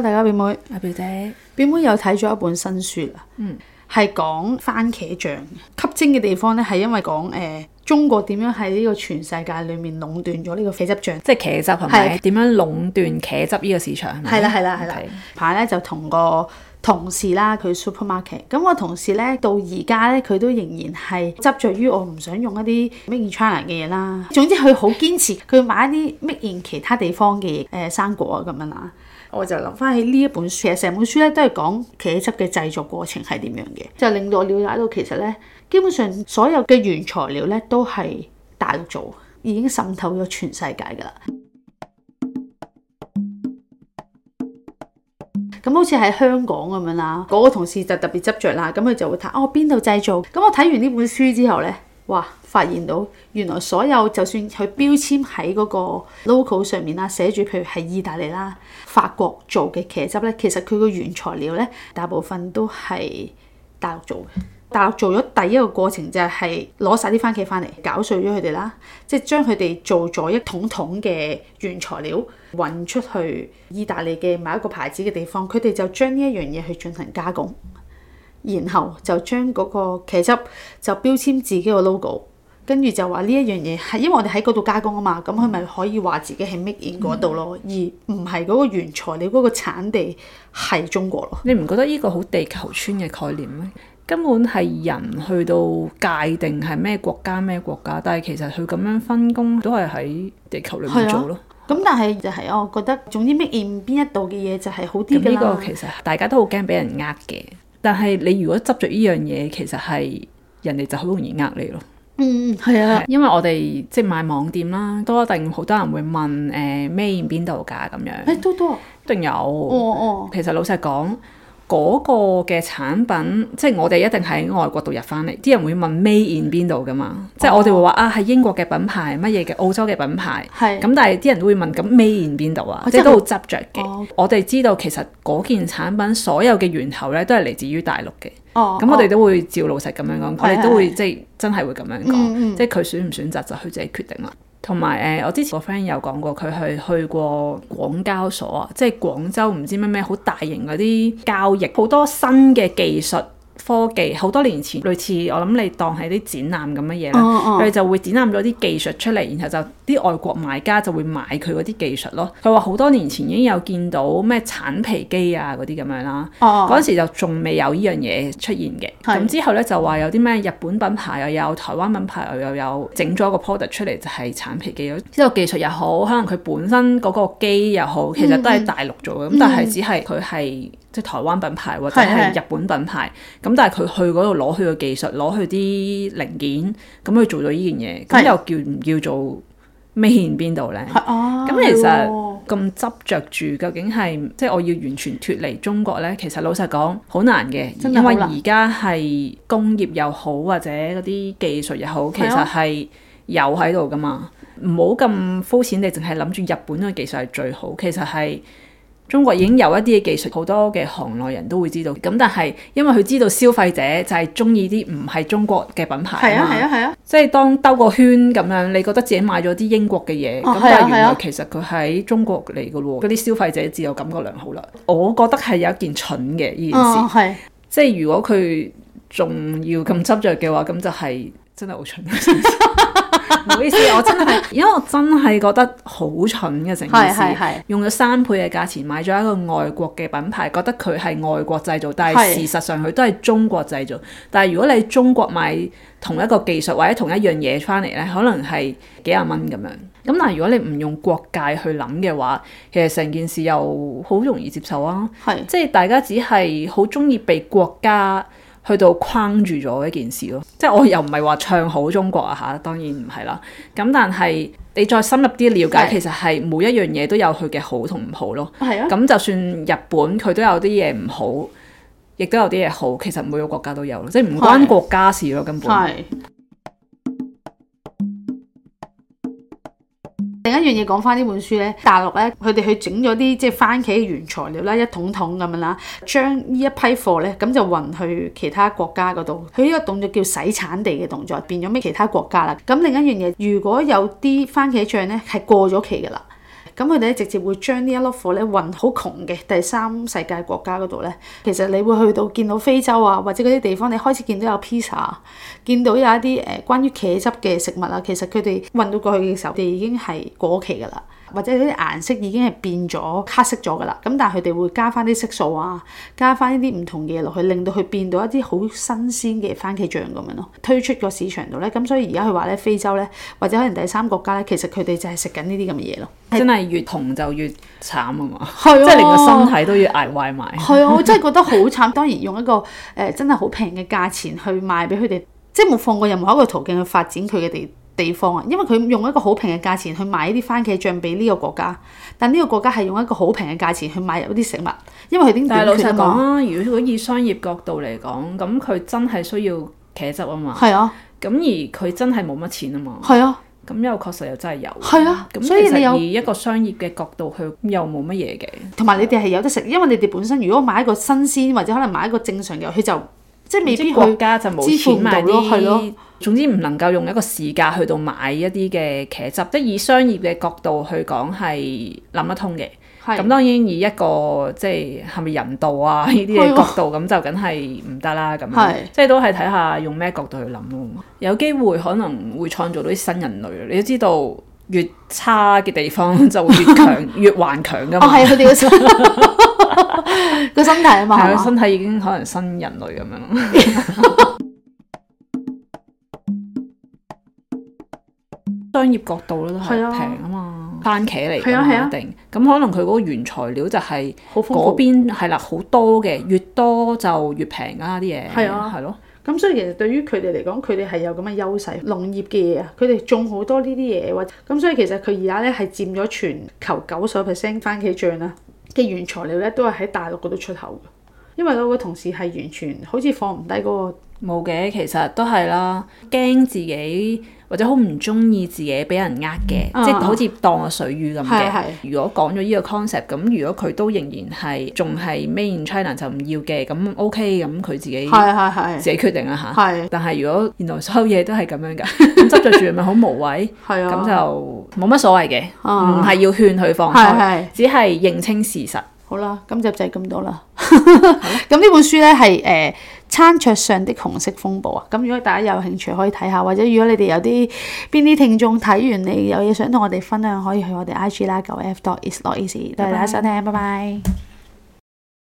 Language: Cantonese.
.大家表妹、阿表姐，表妹又睇咗一本新書啦。嗯，係講番茄醬吸睛嘅地方咧，係因為講誒、呃、中國點樣喺呢個全世界裡面壟斷咗呢個茄汁醬，即係茄汁係咪？點樣壟斷茄汁呢個市場？係啦係啦係啦，排咧就同個。同事啦，佢 supermarket，咁我同事呢，到而家呢，佢都仍然係執着於我唔想用一啲 made in China 嘅嘢啦。總之佢好堅持，佢買一啲 made in 其他地方嘅誒、呃、生果啊咁樣啦。 我就諗翻起呢一本書，其實成本書呢都係講茄汁嘅製作過程係點樣嘅，就令到我了解到其實呢，基本上所有嘅原材料呢，都係大陸做，已經滲透咗全世界噶啦。咁好似喺香港咁樣啦，嗰個同事就特別執着啦，咁佢就會睇哦邊度製造。咁我睇完呢本書之後呢，哇，發現到原來所有就算佢標籤喺嗰個 local 上面啦，寫住譬如係意大利啦、法國做嘅茄汁呢，其實佢個原材料呢，大部分都係大陸做嘅。大陸做咗第一個過程就係攞晒啲番茄翻嚟，攪碎咗佢哋啦，即係將佢哋做咗一桶桶嘅原材料運出去意大利嘅某一個牌子嘅地方，佢哋就將呢一樣嘢去進行加工，然後就將嗰個茄汁就標籤自己個 logo，跟住就話呢一樣嘢係因為我哋喺嗰度加工啊嘛，咁佢咪可以話自己係 made in 嗰度咯，而唔係嗰個原材料嗰個產地係中國咯。你唔覺得呢個好地球村嘅概念咩？根本係人去到界定係咩國家咩國家，但係其實佢咁樣分工都係喺地球裏面做咯。咁、啊嗯、但係就係我覺得，總之咩現邊一度嘅嘢就係好啲呢、嗯呢個其實大家都好驚俾人呃嘅，但係你如果執着呢樣嘢，其實係人哋就好容易呃你咯。嗯，係啊，因為我哋即係賣網店啦，都一定好多人會問誒咩現邊度㗎咁樣。誒多多，一定有。哦哦，哦其實老實講。嗰個嘅產品，即係我哋一定喺外國導入翻嚟，啲人會問 Made in 邊度噶嘛？Oh. 即係我哋會話啊，係英國嘅品牌，乜嘢嘅澳洲嘅品牌，係咁是，但係啲人都會問咁 Made in 邊度啊？Oh, 即係都好執着嘅。Oh. 我哋知道其實嗰件產品所有嘅源頭咧，都係嚟自於大陸嘅。哦，咁我哋都會照老實咁樣講，oh. 我哋都會即係真係會咁樣講，即係佢選唔選擇就佢自己決定啦。同埋誒，我之前個 friend 有講過，佢係去過廣交所啊，即係廣州。唔知咩咩好大型嗰啲交易，好多新嘅技術。科技好多年前，類似我諗你當係啲展覽咁嘅嘢啦，佢哋、oh, oh. 就會展覽咗啲技術出嚟，然後就啲外國買家就會買佢嗰啲技術咯。佢話好多年前已經有見到咩剷皮機啊嗰啲咁樣啦，嗰陣、oh, oh. 時就仲未有呢樣嘢出現嘅。咁、oh, oh. 之後咧就話有啲咩日本品牌又有台灣品牌又有整咗個 product 出嚟就係剷皮機咯。呢個技術又好，可能佢本身嗰個機又好，其實都係大陸做嘅，咁、mm hmm. 但係只係佢係即係台灣品牌或者係日本品牌。Mm hmm. 咁但係佢去嗰度攞佢嘅技術，攞佢啲零件，咁佢做咗呢件嘢，咁的又叫唔叫做 Made in 邊度咧？係咁、啊、其實咁的執着住究竟係即係我要完全脫離中國咧，其實老實講好難嘅，難因為而家係工業又好或者嗰啲技術又好，其實係有喺度㗎嘛。唔好咁膚淺，你淨係諗住日本嘅技術係最好，其實係。中國已經有一啲嘅技術，好多嘅行內人都會知道。咁但係，因為佢知道消費者就係中意啲唔係中國嘅品牌。係啊係啊係啊！啊啊即係當兜個圈咁樣，你覺得自己買咗啲英國嘅嘢，咁、哦啊啊、但係原來其實佢喺中國嚟噶咯。嗰啲消費者自我感覺良好啦。我覺得係有一件蠢嘅呢件事，哦、即係如果佢仲要咁執着嘅話，咁就係、是。真係好蠢，唔 好意思，我真係，因為我真係覺得好蠢嘅成件事，用咗三倍嘅價錢買咗一個外國嘅品牌，覺得佢係外國製造，但係事實上佢都係中國製造。是但係如果你中國買同一個技術或者同一樣嘢翻嚟咧，可能係幾廿蚊咁樣。咁但係如果你唔用國界去諗嘅話，其實成件事又好容易接受啊。係是，即係大家只係好鍾意被國家去到框住咗一件事咯，即係我又唔係話唱好中國啊嚇，當然唔係啦。咁但係你再深入啲了解，是其實係每一樣嘢都有佢嘅好同唔好咯。咁、啊、就算日本佢都有啲嘢唔好，亦都有啲嘢好。其實每個國家都有，即係唔關國家事咯，根本。另一樣嘢講翻呢本書咧，大陸咧佢哋去整咗啲即係番茄原材料啦，一桶桶咁樣啦，將呢一批貨咧咁就運去其他國家嗰度。佢呢個動作叫洗產地嘅動作，變咗咩其他國家啦。咁另一樣嘢，如果有啲番茄醬咧係過咗期㗎啦。咁佢哋咧直接會將一呢一粒貨咧運好窮嘅第三世界國家嗰度咧，其實你會去到見到非洲啊，或者嗰啲地方，你開始見到有披薩，見到有一啲誒關於茄汁嘅食物啊。其實佢哋運到過去嘅時候，佢哋已經係過期㗎啦。或者啲顏色已經係變咗黑色咗㗎啦，咁但係佢哋會加翻啲色素啊，加翻呢啲唔同嘢落去，令到佢變到一啲好新鮮嘅番茄醬咁樣咯，推出個市場度咧，咁所以而家佢話咧非洲咧，或者可能第三國家咧，其實佢哋就係食緊呢啲咁嘅嘢咯。真係越窮就越慘啊嘛，即係令個身體都要捱壞埋。係 啊，我真係覺得好慘。當然用一個誒、呃、真係好平嘅價錢去賣俾佢哋，即係冇放過任何一個途徑去發展佢嘅地。地方啊，因為佢用一個好平嘅價錢去買呢啲番茄醬俾呢個國家，但呢個國家係用一個好平嘅價錢去買入一啲食物，因為佢點？但係老實講啊，如果以商業角度嚟講，咁佢真係需要茄汁啊嘛。係啊。咁而佢真係冇乜錢啊嘛。係啊。咁又確實又真係有。係啊。咁其實所以，你有以一個商業嘅角度去，又冇乜嘢嘅。同埋你哋係有得食，因為你哋本身如果買一個新鮮或者可能買一個正常嘅，佢就。即係未必國家就冇錢買啲，總之唔能夠用一個市價去到買一啲嘅茄汁，的即係以商業嘅角度去講係諗得通嘅。咁的當然以一個即係係咪人道啊呢啲嘅角度，咁的就梗係唔得啦。咁樣的即係都係睇下用咩角度去諗咯。有機會可能會創造到啲新人類。你都知道越差嘅地方就越強 越頑強㗎嘛。 個身體啊嘛，係啊，身體已經可能新人類咁樣咯。商業角度咧都係平啊嘛，番茄嚟嘅。係啊係啊，啊啊定咁可能佢嗰個原材料就係、是、嗰邊係啦，好、啊、多嘅，越多就越平啊啲嘢，係啊，係咯。咁、啊啊、所以其實對於佢哋嚟講，佢哋係有咁嘅優勢。農業嘅嘢啊，佢哋種好多呢啲嘢，或者咁，所以其實佢而家咧係佔咗全球九十 percent 番茄醬啊。嘅原材料咧，都係喺大陸嗰度出口嘅。因為我個同事係完全好似放唔低嗰個冇嘅，其實都係啦，驚自己或者好唔中意自己俾人呃嘅，即係好似當個水魚咁嘅。如果講咗呢個 concept，咁如果佢都仍然係仲係 made in China 就唔要嘅，咁 OK，咁佢自己自己決定啦嚇。但係如果原來所有嘢都係咁樣噶，執着住咪好無謂？係啊，咁就冇乜所謂嘅，唔係要勸佢放開，只係認清事實。好啦，今日就係咁多啦。咁 呢本書呢係誒、呃、餐桌上的紅色風暴啊。咁如果大家有興趣可以睇下，或者如果你哋有啲邊啲聽眾睇完你有嘢想同我哋分享，可以去我哋 I G 啦，九 f dot is n，多謝大家收聽，拜拜。拜拜。